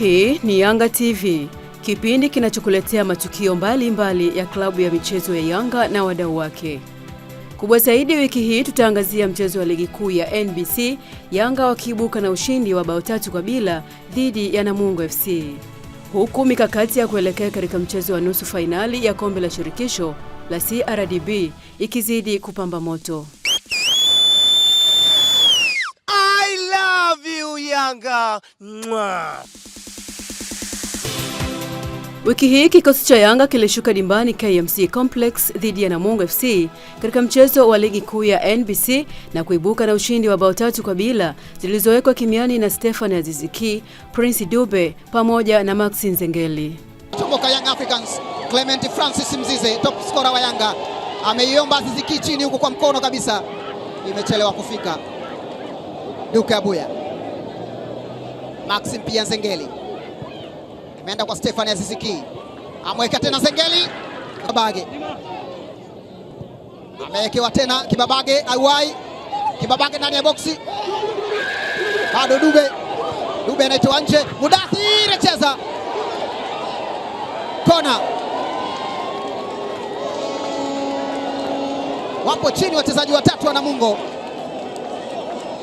Hii ni Yanga TV, kipindi kinachokuletea matukio mbalimbali mbali ya klabu ya michezo ya Yanga na wadau wake. Kubwa zaidi wiki hii tutaangazia mchezo wa ligi kuu ya NBC, Yanga wakiibuka na ushindi wa bao tatu kwa bila dhidi ya Namungo FC, huku mikakati ya kuelekea katika mchezo wa nusu fainali ya kombe la shirikisho la CRDB ikizidi kupamba moto. I love you, Yanga. Mwah. Wiki hii kikosi cha Yanga kilishuka dimbani KMC Complex dhidi ya Namungo FC katika mchezo wa ligi kuu ya NBC na kuibuka na ushindi wa bao tatu kwa bila zilizowekwa kimiani na Stefan Aziziki, Prince Dube pamoja na Maxi Nzengeli. Kutoka Young Africans, Clement Francis Mzize, top scorer wa Yanga, ameiomba Aziziki chini huko kwa mkono kabisa, imechelewa kufika. Duke Abuya, Maxi pia Nzengeli imeenda kwa Stefani Aziziki, amweka tena Zengeli Kibabage, amewekewa tena Kibabage, aiwai Kibabage ndani ya boksi, bado Dube, Dube anaitoa nje, Mudathir cheza kona. Wapo chini wachezaji watatu wa Namungo,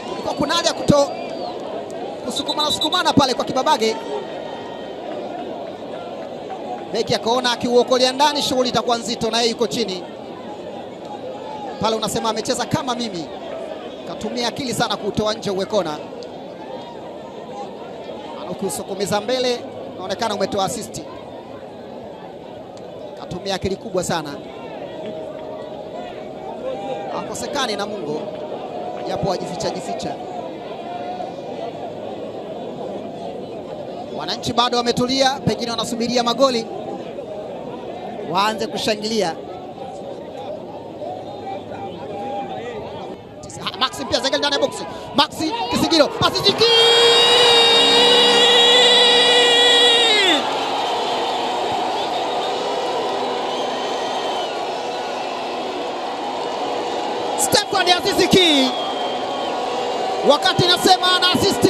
kulikuwa kunaja kuto kusukumana sukumana pale kwa Kibabage beki akaona akiuokolea ndani, shughuli itakuwa nzito, na yeye yuko chini pale. Unasema amecheza kama mimi, katumia akili sana kuutoa nje uwekona, anakusukumiza mbele, unaonekana umetoa asisti, katumia akili kubwa sana, akosekane na Mungu japo ajificha jificha. Wananchi bado wametulia, pengine wanasubiria magoli waanze kushangilia. Ah, Maxi pia Zengeli ndani ya boksi, Maxi kisigiro asijiki Stefan Aziziki wakati nasema ana assist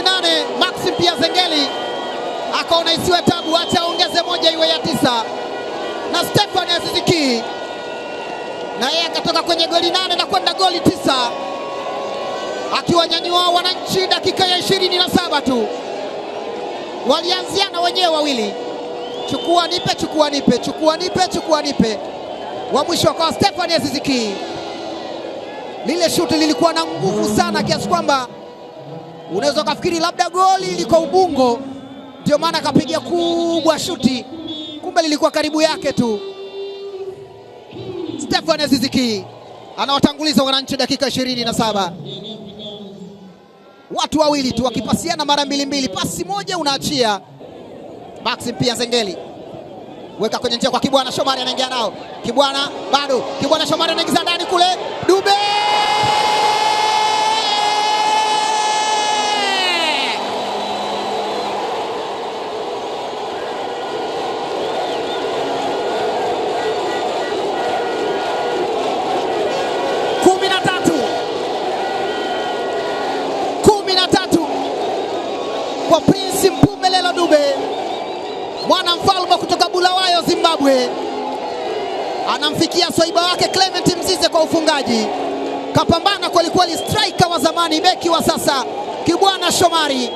yako na isiwe tabu, acha ongeze moja iwe ya tisa. Na Stefani Aziziki na yeye akatoka kwenye goli nane na kwenda goli tisa akiwanyanyua wananchi dakika ya ishirini na saba tu, walianziana wenyewe wawili, chukua nipe, chukua nipe, chukua nipe, chukua nipe, wa mwisho kwa Stefani Aziziki. Lile shuti lilikuwa na nguvu sana kiasi kwamba unaweza ukafikiri labda goli liko Ubungo ndio maana akapiga kubwa shuti, kumbe lilikuwa karibu yake tu. Stefan Aziziki anawatanguliza wananchi dakika ishirini na saba watu wawili tu wakipasiana mara mbili mbili, pasi moja unaachia Maxim pia Zengeli weka kwenye njia kwa Kibwana Shomari, anaingia nao Kibwana bado Kibwana Shomari anaingiza ndani kule Dube Mbwembwe anamfikia swaiba wake Clement Mzize kwa ufungaji. Kapambana kwelikweli, striker wa zamani, beki wa sasa Kibwana Shomari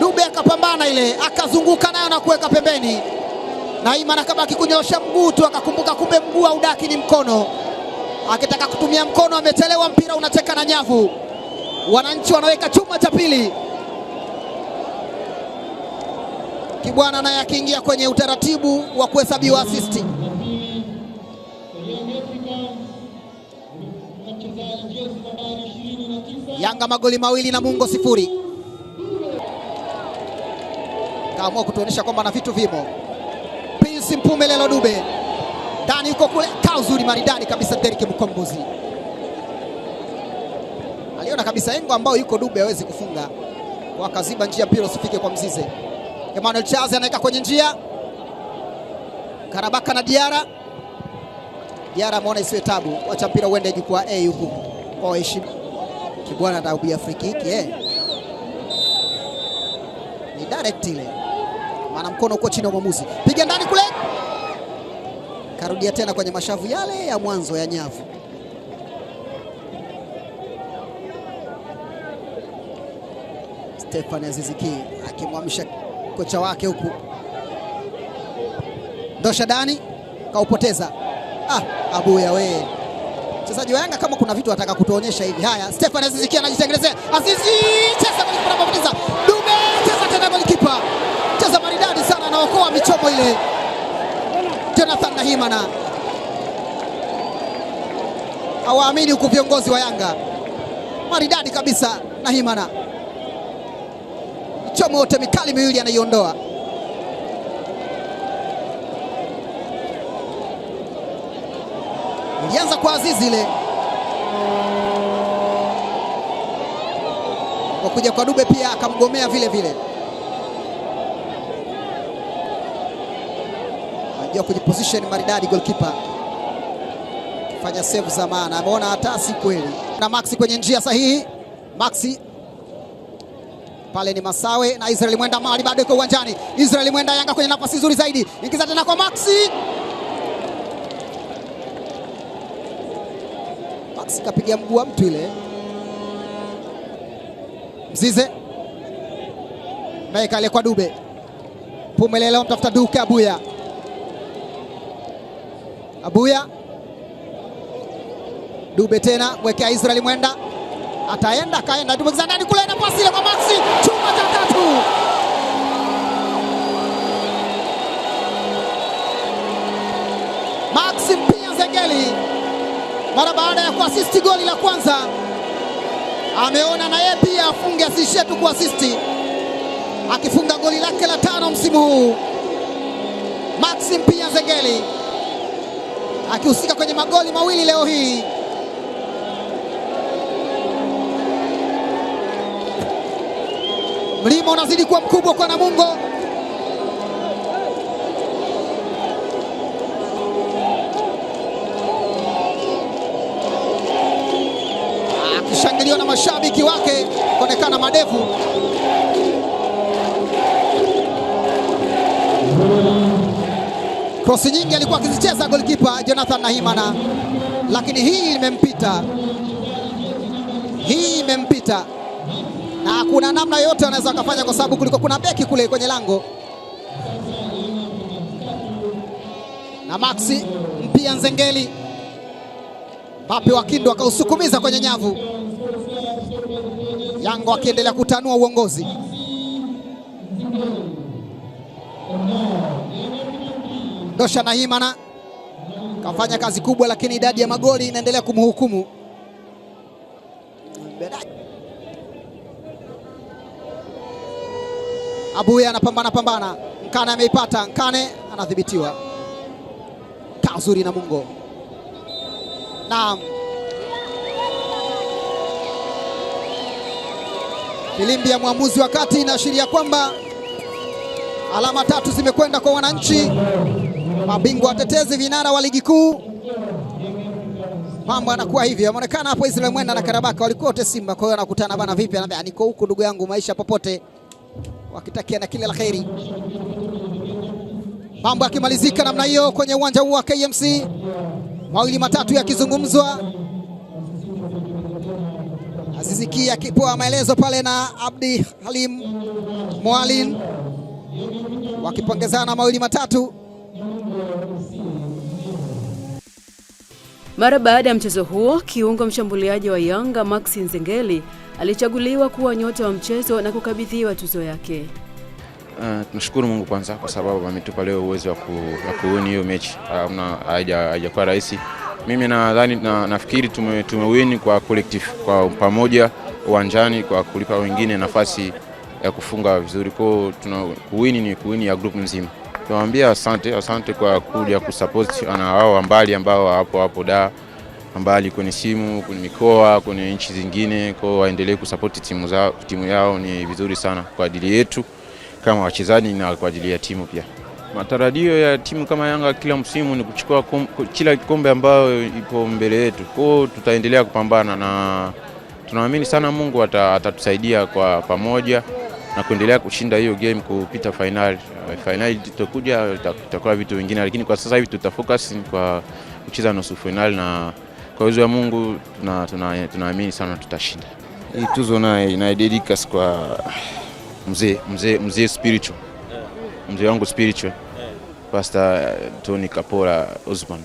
Dube akapambana ile, akazunguka nayo na kuweka pembeni. Naiman akabaki kunyosha mguu tu, akakumbuka kumbe mguu audaki ni mkono. Akitaka kutumia mkono, ametelewa, mpira unacheka na nyavu. Wananchi wanaweka chuma cha pili. Kibwana naye akiingia kwenye utaratibu wa kuhesabiwa asisti. Yanga magoli mawili na Mungo sifuri. Kaamua kutuonyesha kwamba na vitu vimo. Pinsi Mpume Lelo Dube ndani yuko kule, kaa uzuri maridadi kabisa. Derek Mkombozi aliona kabisa engo ambayo yuko Dube hawezi kufunga, wakaziba njia, mpira usifike kwa Mzize. Emmanuel Charles anaweka kwenye njia, Karabaka na Diara. Diara ameona isiwe tabu, wacha mpira uende jukwaa A huko Oh, heshima Kibwana anakubia free kick eh, ni direct ile, maana mkono uko chini ya mwamuzi. Piga ndani kule, karudia tena kwenye mashavu yale ya mwanzo ya nyavu. Stefan Aziziki akimwamsha kocha wake huku Ndosha Dani kaupoteza. Ah, Abuya we. Mchezaji wa Yanga kama kuna vitu anataka kutuonyesha hivi. Haya, Stefan Azizi Ki anajitengenezea. Azizi cheza anapoteza. Dube cheza tena kipa. Cheza maridadi sana anaokoa michomo ile. Jonathan Nahimana. Hawaamini huku viongozi wa Yanga. Maridadi kabisa Nahimana moto yote mikali miwili anaiondoa. Ilianza kwa Azizi ile kwa kuja kwa Dube pia akamgomea vile vile. Anajua kujiposition maridadi goalkeeper, fanya save za maana, ameona hatasi kweli na Maxi kwenye njia sahihi. Maxi pale ni Masawe na Israel Mwenda, mali bado iko uwanjani. Israel Mwenda, Yanga kwenye nafasi nzuri zaidi, ingiza tena kwa Maxi. Maxi kapiga mguu wa mtu ile. Mzize naye kwa Dube Pumelelo, mtafuta duke Abuya, Abuya Dube tena mwekea Israel Mwenda ataenda akaenda, tumeingiza ndani kule, na pasi ile kwa Maxi, chuma cha tatu. Maxi Mpia Nzengeli mara baada ya kuasisti goli la kwanza ameona na yeye pia afunge, asiishie tu kuasisti, akifunga goli lake la tano msimu huu. Maxi Mpia Nzengeli akihusika kwenye magoli mawili leo hii. Mlima unazidi kuwa mkubwa kwa Namungo. Akishangiliwa ah, na mashabiki wake kuonekana madevu. Krosi nyingi alikuwa akizicheza golikipa Jonathan Nahimana, lakini hii imempita, hii imempita na kuna namna yoyote wanaweza wakafanya, kwa sababu kuliko kuna beki kule kwenye lango na Maxi mpia Nzengeli, Mbappe wa Kindu akausukumiza kwenye nyavu. yango akiendelea kutanua uongozi Ndosha Nahimana kafanya kazi kubwa, lakini idadi ya magoli inaendelea kumhukumu. Abuya anapambana pambana, Nkane ameipata, Nkane anadhibitiwa. Kazuri na Mungo. Naam. Filimbi ya mwamuzi wa kati inaashiria kwamba alama tatu zimekwenda kwa wananchi, mabingwa watetezi, vinara wa ligi kuu. Mambo anakuwa hivyo, ameonekana hapo Israel Mwenda na Karabaka walikuwa wote Simba, kwa hiyo anakutana bana, vipi? Anambia niko huku ndugu yangu, maisha popote wakitakia na kila la kheri. Mambo yakimalizika namna hiyo kwenye uwanja huu wa KMC, mawili matatu yakizungumzwa, Aziziki akipewa maelezo pale na Abdi Halim Mwalin, wakipongezana mawili matatu. Mara baada ya mchezo huo, kiungo mshambuliaji wa Yanga Maxi Nzengeli alichaguliwa kuwa nyota wa mchezo na kukabidhiwa tuzo yake. Uh, tunashukuru Mungu kwanza kwa sababu ametupa leo uwezo wa kuwini hiyo mechi. hamna, uh, rahisi. Mimi nadhani na, nafikiri tumewini tume kwa collective kwa pamoja uwanjani kwa kulipa wengine nafasi ya kufunga vizuri. Kwa tuna kuwini ni kuwini ya group nzima. Tunawaambia asante, asante kwa kuja kusupport na wao ambali ambao hapo hapo da mbali kwenye simu, kwenye mikoa, kwenye nchi zingine. Kwa hiyo waendelee kusapoti timu zao, timu yao ni vizuri sana kwa ajili yetu kama wachezaji na kwa ajili ya timu pia. Matarajio ya timu kama Yanga kila msimu ni kuchukua kila kombe ambayo ipo mbele yetu. Kwa hiyo tutaendelea kupambana na tunaamini sana Mungu atatusaidia kwa pamoja na kuendelea kushinda hiyo game kupita fainali. Eh, fainali itakuja itakuwa vitu vingine, lakini kwa sasa hivi tutafocus kwa kucheza nusu fainali na kwa uwezo wa Mungu tunaamini tuna, tuna sana tutashinda. Hii tuzo naye inaidedicas kwa mzee mzee mzee spiritual mzee wangu spiritual Pastor Tony Kapola Osman.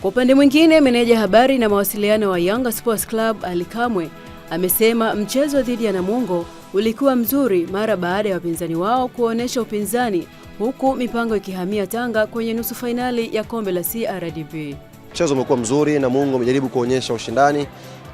Kwa upande mwingine, meneja habari na mawasiliano wa Yanga Sports Club Ali Kamwe amesema mchezo dhidi ya Namungo ulikuwa mzuri mara baada ya wapinzani wao kuonesha upinzani huku mipango ikihamia Tanga kwenye nusu fainali ya kombe la CRDB. Mchezo umekuwa mzuri na Mungu amejaribu kuonyesha ushindani,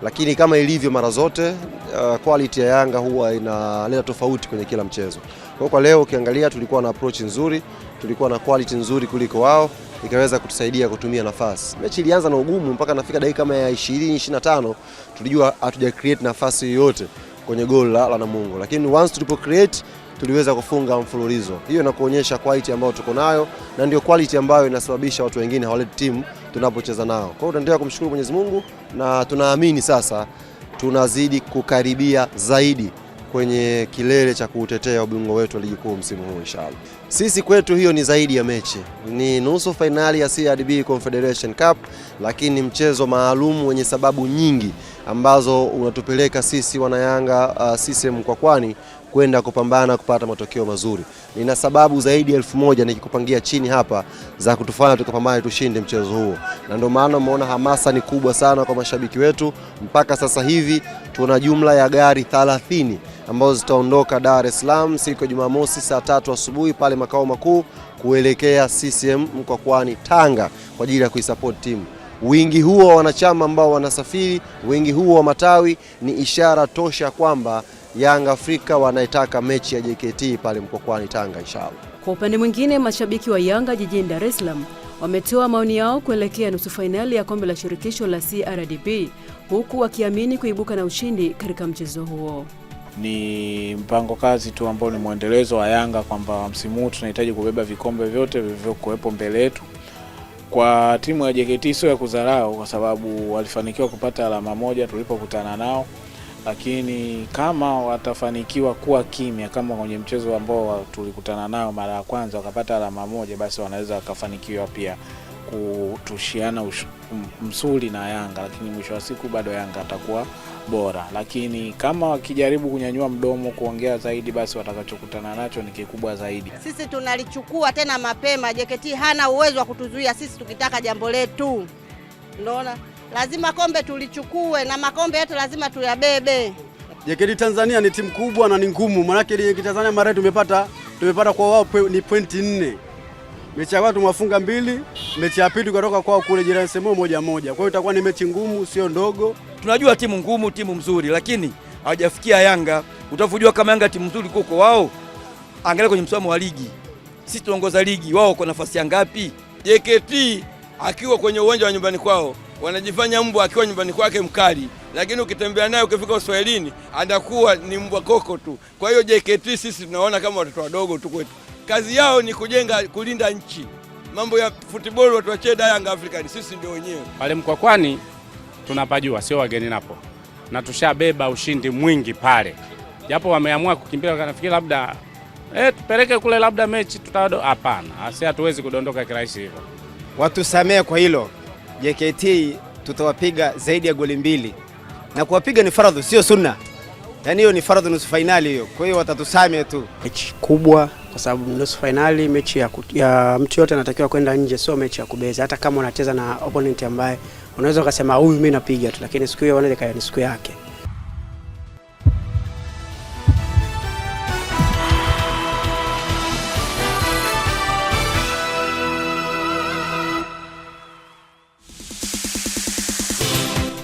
lakini kama ilivyo mara zote uh, quality ya Yanga huwa inaleta tofauti kwenye kila mchezo. Kwa kwa leo ukiangalia, tulikuwa na approach nzuri, tulikuwa na quality nzuri kuliko wao, ikaweza kutusaidia kutumia nafasi. Mechi ilianza na ugumu mpaka nafika dakika kama ya 20 25, tulijua hatuja create nafasi yoyote kwenye goal la, la Namungo, lakini once tulipo create tuliweza kufunga mfululizo. Hiyo inakuonyesha quality ambayo tuko nayo na ndio quality ambayo inasababisha watu wengine hawaleti timu tunapocheza nao. Kwa hiyo tunaendelea kumshukuru Mwenyezi Mungu na tunaamini sasa tunazidi kukaribia zaidi kwenye kilele cha kuutetea ubingwa wetu wa ligi kuu msimu huu inshallah. Sisi kwetu hiyo ni zaidi ya mechi, ni nusu fainali ya CRDB Confederation Cup, lakini mchezo maalum wenye sababu nyingi ambazo unatupeleka sisi wanayanga uh, CCM Mkwakwani kwenda kupambana kupata matokeo mazuri. Nina sababu zaidi ya elfu moja nikikupangia chini hapa za kutufanya tukapambane tushinde mchezo huo, na ndio maana umeona hamasa ni kubwa sana kwa mashabiki wetu. Mpaka sasa hivi tuna jumla ya gari 30 ambazo zitaondoka Dar es Salaam siku ya Jumamosi saa tatu asubuhi pale makao makuu kuelekea CCM Mkwakwani Tanga kwa ajili ya kuisupport timu wingi huo wa wanachama ambao wanasafiri, wingi huo wa matawi ni ishara tosha kwamba Yanga Afrika wanaitaka mechi ya JKT pale Mkokwani Tanga inshallah. Kwa upande mwingine, mashabiki wa Yanga jijini Dar es Salaam wametoa maoni yao kuelekea nusu fainali ya kombe la shirikisho la CRDB huku wakiamini kuibuka na ushindi katika mchezo huo. Ni mpango kazi tu ambao ni mwendelezo wa Yanga kwamba msimu huu tunahitaji kubeba vikombe vyote vilivyokuwepo mbele yetu. Kwa timu ya JKT sio ya kudharau, kwa sababu walifanikiwa kupata alama moja tulipokutana nao, lakini kama watafanikiwa kuwa kimya kama kwenye mchezo ambao tulikutana nao mara ya kwanza wakapata alama moja, basi wanaweza wakafanikiwa pia kutushiana msuli na Yanga, lakini mwisho wa siku bado Yanga atakuwa bora, lakini kama wakijaribu kunyanyua mdomo kuongea zaidi, basi watakachokutana nacho ni kikubwa zaidi. Sisi tunalichukua tena mapema. JKT hana uwezo wa kutuzuia sisi tukitaka jambo letu, unaona, lazima kombe tulichukue na makombe yetu lazima tuyabebe. JKT Tanzania ni timu kubwa na ni ngumu, maanake JKT Tanzania mara tumepata tumepata kwa wao ni pointi nne. Mechi ya kwanza tumewafunga mbili, mechi ya pili tukatoka kwao kule jirani sehemu moja moja. Kwa hiyo itakuwa ni mechi ngumu, sio ndogo. Tunajua timu ngumu, timu mzuri, lakini hawajafikia Yanga. Utavujua kama Yanga timu nzuri kuko wao, angalia kwenye msimamo wa ligi, sisi tunaongoza ligi, wao kwa nafasi ya ngapi? JKT akiwa kwenye uwanja wa nyumbani kwao wanajifanya mbwa akiwa nyumbani kwake mkali, lakini ukitembea naye ukifika Uswahilini anakuwa ni mbwa koko tu. Kwa hiyo JKT sisi tunaona kama watoto wadogo tu kwetu kazi yao ni kujenga, kulinda nchi. Mambo ya football watu wacheda Yanga ni sisi ndio wenyewe pale Mkwakwani tunapajua, sio wageni napo, na tushabeba ushindi mwingi pale, japo wameamua kukimbia, wakanafikiri labda eh, tupeleke kule labda mechi tutado. Hapana, asi hatuwezi kudondoka kirahisi hivyo. Watusamee kwa hilo. JKT tutawapiga zaidi ya goli mbili, na kuwapiga ni faradhi, sio sunna yaani hiyo ni faradhi, nusu fainali hiyo. Kwa hiyo watatusame tu, mechi kubwa kwa sababu nusu fainali mechi ya, ya mtu yote anatakiwa kwenda nje, sio mechi ya kubeza. Hata kama unacheza na opponent ambaye unaweza ukasema huyu mimi napiga tu, lakini siku hiyo wanaweza ni siku yake.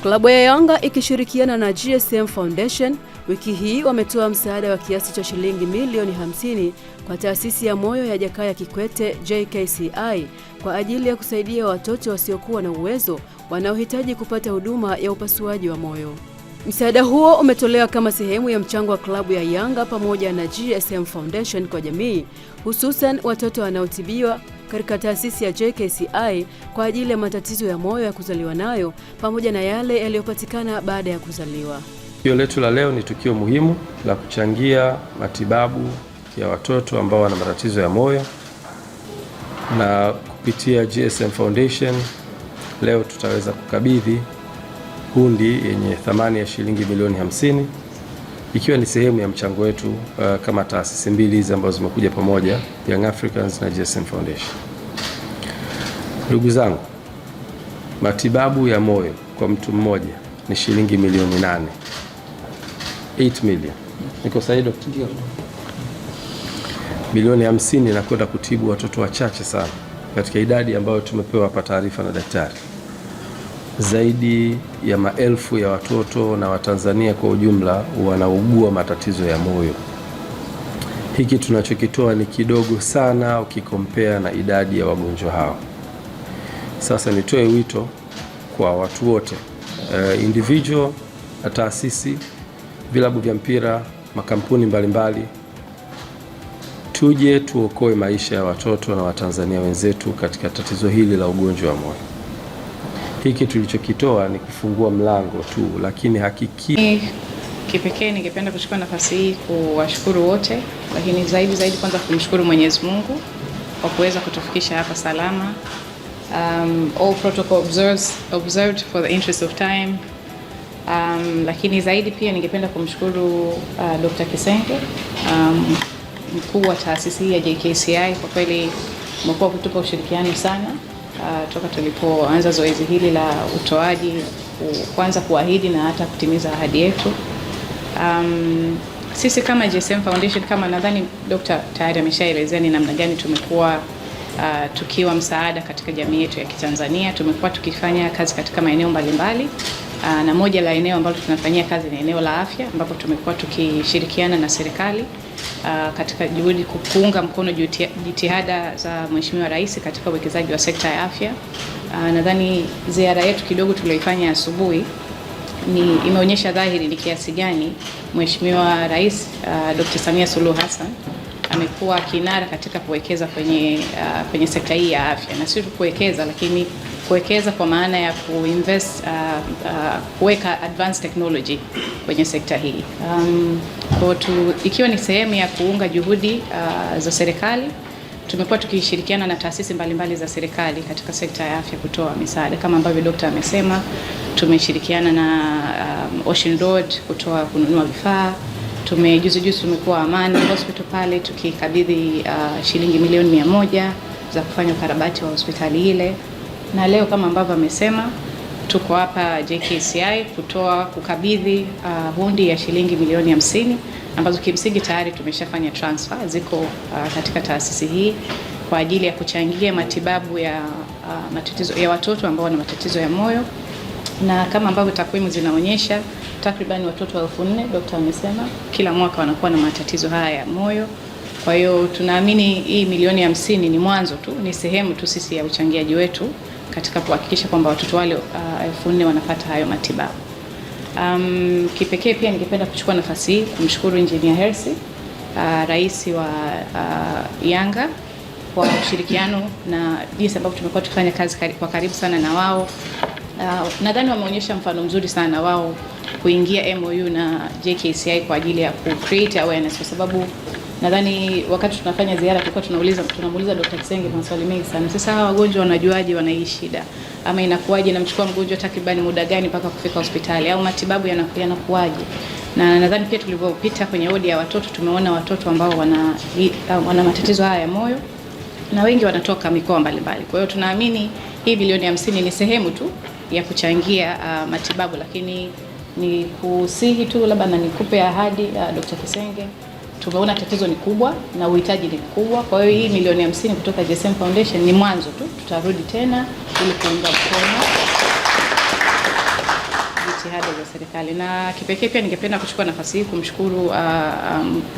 Klabu ya Yanga ikishirikiana na GSM Foundation Wiki hii wametoa msaada wa kiasi cha shilingi milioni 50 kwa taasisi ya moyo ya Jakaya Kikwete JKCI kwa ajili ya kusaidia watoto wasiokuwa na uwezo wanaohitaji kupata huduma ya upasuaji wa moyo. Msaada huo umetolewa kama sehemu ya mchango wa klabu ya Yanga pamoja na GSM Foundation kwa jamii, hususan watoto wanaotibiwa katika taasisi ya JKCI kwa ajili ya matatizo ya moyo ya kuzaliwa nayo pamoja na yale yaliyopatikana baada ya kuzaliwa. Tukio letu la leo ni tukio muhimu la kuchangia matibabu ya watoto ambao wana matatizo ya moyo, na kupitia GSM Foundation leo tutaweza kukabidhi hundi yenye thamani ya shilingi milioni 50 ikiwa ni sehemu ya mchango wetu uh, kama taasisi mbili hizi ambazo zimekuja pamoja, Young Africans na GSM Foundation. Ndugu zangu, matibabu ya moyo kwa mtu mmoja ni shilingi milioni nane. 8 million. Niko sahihi dokta? Ndio. Milioni 50 inakwenda kutibu watoto wachache sana katika idadi ambayo tumepewa hapa taarifa na daktari. Zaidi ya maelfu ya watoto na Watanzania kwa ujumla wanaugua matatizo ya moyo. Hiki tunachokitoa ni kidogo sana ukikompea na idadi ya wagonjwa hao. Sasa nitoe wito kwa watu wote, uh, individual na taasisi vilabu vya mpira, makampuni mbalimbali mbali. Tuje tuokoe maisha ya watoto na Watanzania wenzetu katika tatizo hili la ugonjwa wa moyo. Hiki tulichokitoa ni kufungua mlango tu, lakini hakiki kipekee ningependa kuchukua nafasi hii kuwashukuru wote, lakini zaidi zaidi kwanza kumshukuru Mwenyezi Mungu kwa kuweza kutufikisha hapa salama. Um, all protocol observed, observed for the interest of time. Um, lakini zaidi pia ningependa kumshukuru uh, Dr. Kisenge um, mkuu wa taasisi hii ya JKCI kwa kweli umekuwa kutupa ushirikiano sana uh, toka tulipoanza zoezi hili la utoaji kwanza kuahidi na hata kutimiza ahadi yetu. Um, sisi kama JSM Foundation kama nadhani Dr. tayari ameshaelezea ni namna gani tumekuwa uh, tukiwa msaada katika jamii yetu ya Kitanzania. Tumekuwa tukifanya kazi katika maeneo mbalimbali uh, na moja la eneo ambalo tunafanyia kazi ni eneo la afya, ambapo tumekuwa tukishirikiana na serikali uh, katika juhudi kuunga mkono jitihada za Mheshimiwa Rais katika uwekezaji wa sekta ya afya. Uh, nadhani ziara yetu kidogo tulioifanya asubuhi ni imeonyesha dhahiri ni kiasi gani Mheshimiwa Rais uh, Dr. Samia Suluhu Hassan amekuwa kinara katika kuwekeza kwenye, uh, kwenye sekta hii ya afya, na sio tu kuwekeza, lakini kuwekeza kwa maana ya kuinvest uh, uh, kuweka advanced technology kwenye sekta hii um, kwa tu, ikiwa ni sehemu ya kuunga juhudi uh, za serikali tumekuwa tukishirikiana na taasisi mbalimbali za serikali katika sekta ya afya kutoa misaada kama ambavyo dokta amesema. Tumeshirikiana na um, Ocean Road kutoa kununua vifaa tume juzi juzi tumekuwa Amani Hospital pale tukikabidhi uh, shilingi milioni mia moja za kufanya ukarabati wa hospitali ile, na leo kama ambavyo amesema tuko hapa JKCI kutoa kukabidhi uh, hundi ya shilingi milioni hamsini ambazo kimsingi tayari tumeshafanya transfer ziko uh, katika taasisi hii kwa ajili ya kuchangia matibabu ya, uh, matatizo, ya watoto ambao wana matatizo ya moyo na kama ambavyo takwimu zinaonyesha takriban watoto elfu nne daktari amesema kila mwaka wanakuwa na matatizo haya ya moyo. Kwa hiyo tunaamini hii milioni hamsini ni mwanzo tu, ni sehemu tu sisi ya uchangiaji wetu katika kuhakikisha kwamba watoto wale uh, elfu nne wanapata hayo matibabu. Um, kipekee pia ningependa kuchukua nafasi hii kumshukuru Engineer Hersi uh, rais wa uh, Yanga kwa ushirikiano na jinsi ambavyo tumekuwa tukifanya kazi kwa karibu sana na wao Uh, nadhani wameonyesha mfano mzuri sana wao kuingia MOU na JKCI kwa ajili ya ku create awareness kwa sababu nadhani wakati tunafanya ziara tulikuwa tunauliza tunamuuliza Dr. Kisenge maswali mengi sana. Sasa hawa wagonjwa wanajuaje wanaishi shida ama inakuwaje, namchukua mgonjwa takriban muda gani mpaka kufika hospitali au matibabu yanakuwaje? Na nadhani pia tulivyopita kwenye wodi ya watoto tumeona watoto ambao wana, wana matatizo haya ya moyo na wengi wanatoka mikoa mbalimbali. Kwa hiyo tunaamini hii bilioni hamsini ni sehemu tu ya kuchangia uh, matibabu, lakini ni kusihi tu labda na nikupe ahadi uh, Dr. Kisenge, tumeona tatizo ni kubwa na uhitaji ni mkubwa. Kwa hiyo hii milioni hamsini kutoka GSM Foundation ni mwanzo tu, tutarudi tena ili kuunga mkono jitihada za serikali. Na kipekee pia ningependa kuchukua nafasi hii kumshukuru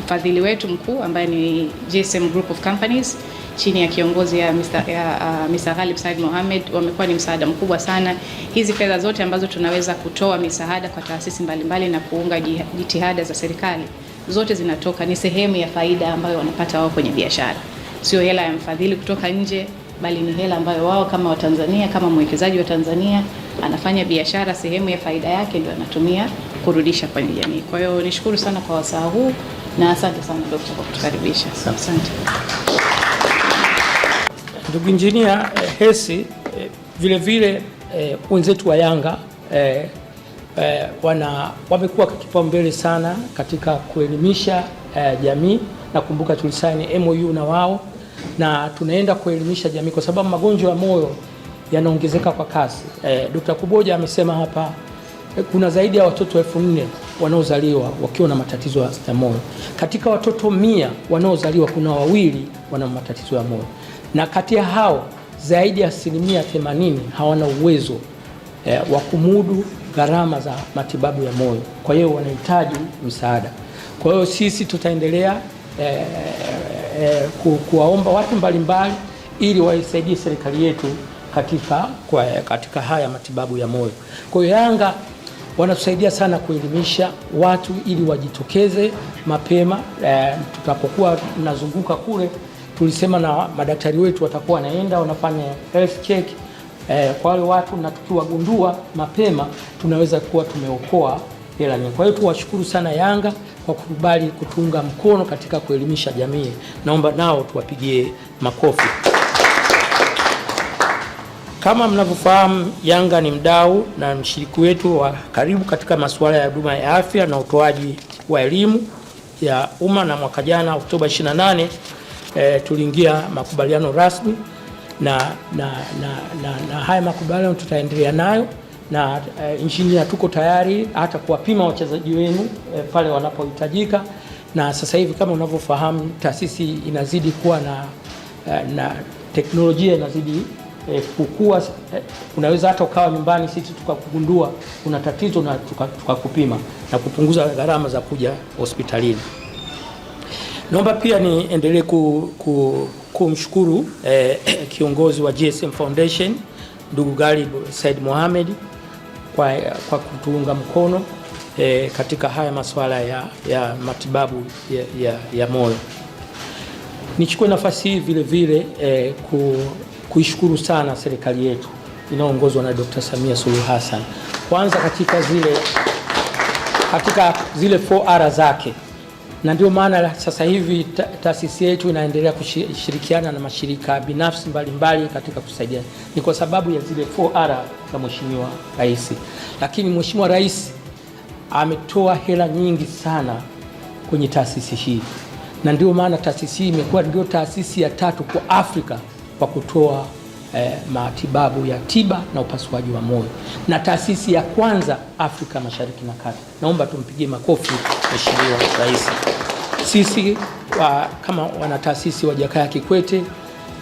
mfadhili uh, um, wetu mkuu ambaye ni GSM Group of Companies chini ya kiongozi ya Mr. ya, uh, Mr. Ghalib Said Mohamed wamekuwa ni msaada mkubwa sana. Hizi fedha zote ambazo tunaweza kutoa misaada kwa taasisi mbalimbali na kuunga jitihada za serikali zote zinatoka, ni sehemu ya faida ambayo wanapata wao kwenye biashara, sio hela ya mfadhili kutoka nje, bali ni hela ambayo wao kama Watanzania, kama mwekezaji wa Tanzania anafanya biashara, sehemu ya faida yake ndio anatumia kurudisha kwenye jamii. Kwa hiyo nishukuru sana kwa wasaa huu na asante sana Dokta kwa kutukaribisha. Asante. Ndugu injinia eh, Hersi eh, vile vile eh, wenzetu wa Yanga eh, eh, wana wamekuwa kipaumbele sana katika kuelimisha eh, jamii. Nakumbuka tulisaini MOU na wao na tunaenda kuelimisha jamii kwa sababu magonjwa ya moyo yanaongezeka kwa kasi. Eh, Dkt. Kuboja amesema hapa eh, kuna zaidi ya watoto elfu nne wanaozaliwa wakiwa na matatizo ya moyo. Katika watoto mia wanaozaliwa kuna wawili wana matatizo ya moyo na kati ya hao zaidi ya asilimia 80 hawana uwezo eh, wa kumudu gharama za matibabu ya moyo, kwa hiyo wanahitaji msaada. Kwa hiyo sisi tutaendelea eh, eh, ku, kuwaomba watu mbalimbali ili waisaidie serikali yetu katika, kwa, katika haya matibabu ya moyo. Kwa hiyo Yanga wanatusaidia sana kuelimisha watu ili wajitokeze mapema eh, tutapokuwa tunazunguka kule tulisema na madaktari wetu watakuwa wanaenda wanafanya health check eh, kwa wale watu, na tukiwagundua mapema tunaweza kuwa tumeokoa hela nyingi. Kwa hiyo tuwashukuru sana Yanga kwa kukubali kutunga mkono katika kuelimisha jamii. Naomba nao tuwapigie makofi. Kama mnavyofahamu, Yanga ni mdau na mshiriki wetu wa karibu katika masuala ya huduma ya afya na utoaji wa elimu ya umma, na mwaka jana Oktoba 28 e, tuliingia makubaliano rasmi na, na, na, na, na haya makubaliano tutaendelea nayo na e, injinia, tuko tayari hata kuwapima wachezaji wenu e, pale wanapohitajika. Na sasa hivi kama unavyofahamu taasisi inazidi kuwa na, na teknolojia inazidi e, kukua e, unaweza hata ukawa nyumbani, sisi tukakugundua una tatizo na tukakupima tuka na kupunguza gharama za kuja hospitalini. Naomba pia niendelee kumshukuru ku, ku eh, kiongozi wa GSM Foundation ndugu Galib Said Mohamed kwa, kwa kutuunga mkono eh, katika haya masuala ya, ya matibabu ya, ya, ya moyo. Nichukue nafasi hii vile vile eh, ku, kuishukuru sana serikali yetu inayoongozwa na Dr. Samia Suluhu Hassan kwanza katika zile, katika zile 4R zake na ndio maana sasa hivi taasisi ta yetu inaendelea kushirikiana na mashirika binafsi mbalimbali mbali katika kusaidia, ni kwa sababu ya zile 4R za Mheshimiwa Rais. Lakini Mheshimiwa Rais ametoa hela nyingi sana kwenye taasisi hii, na ndio maana taasisi hii imekuwa ndio taasisi ya tatu kwa Afrika kwa kutoa eh, matibabu ya tiba na upasuaji wa moyo na taasisi ya kwanza Afrika Mashariki na Kati. Naomba tumpigie makofi. Mheshimiwa Rais. Sisi wa, kama wanataasisi wa Jakaya Kikwete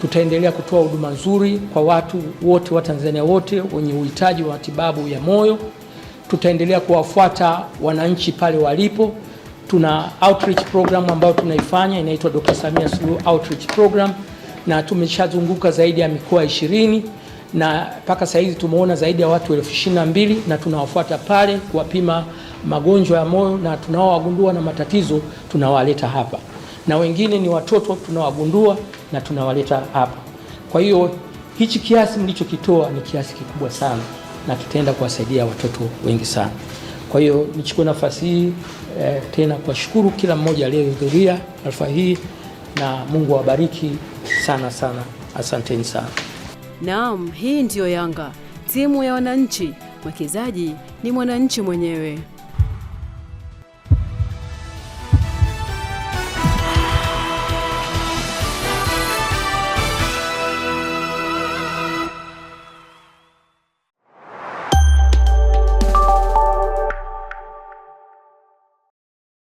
tutaendelea kutoa huduma nzuri kwa watu wote wa Tanzania wote wenye uhitaji wa matibabu ya moyo. Tutaendelea kuwafuata wananchi pale walipo. Tuna outreach program ambayo tunaifanya inaitwa Dr. Samia Suluhu Outreach Program, na tumeshazunguka zaidi ya mikoa ishirini na mpaka sasa hivi tumeona zaidi ya watu elfu ishirini na mbili na tunawafuata pale kuwapima magonjwa ya moyo na tunaowagundua na matatizo tunawaleta hapa, na wengine ni watoto tunawagundua na tunawaleta hapa. Kwa hiyo hichi kiasi mlichokitoa ni kiasi kikubwa sana, na tutaenda kuwasaidia watoto wengi sana. Kwa hiyo nichukue nafasi hii eh, tena kuwashukuru kila mmoja aliyehudhuria hafla hii, na Mungu awabariki sana sana, asanteni sana. Naam, hii ndiyo Yanga, timu ya wananchi. Mwekezaji ni mwananchi mwenyewe.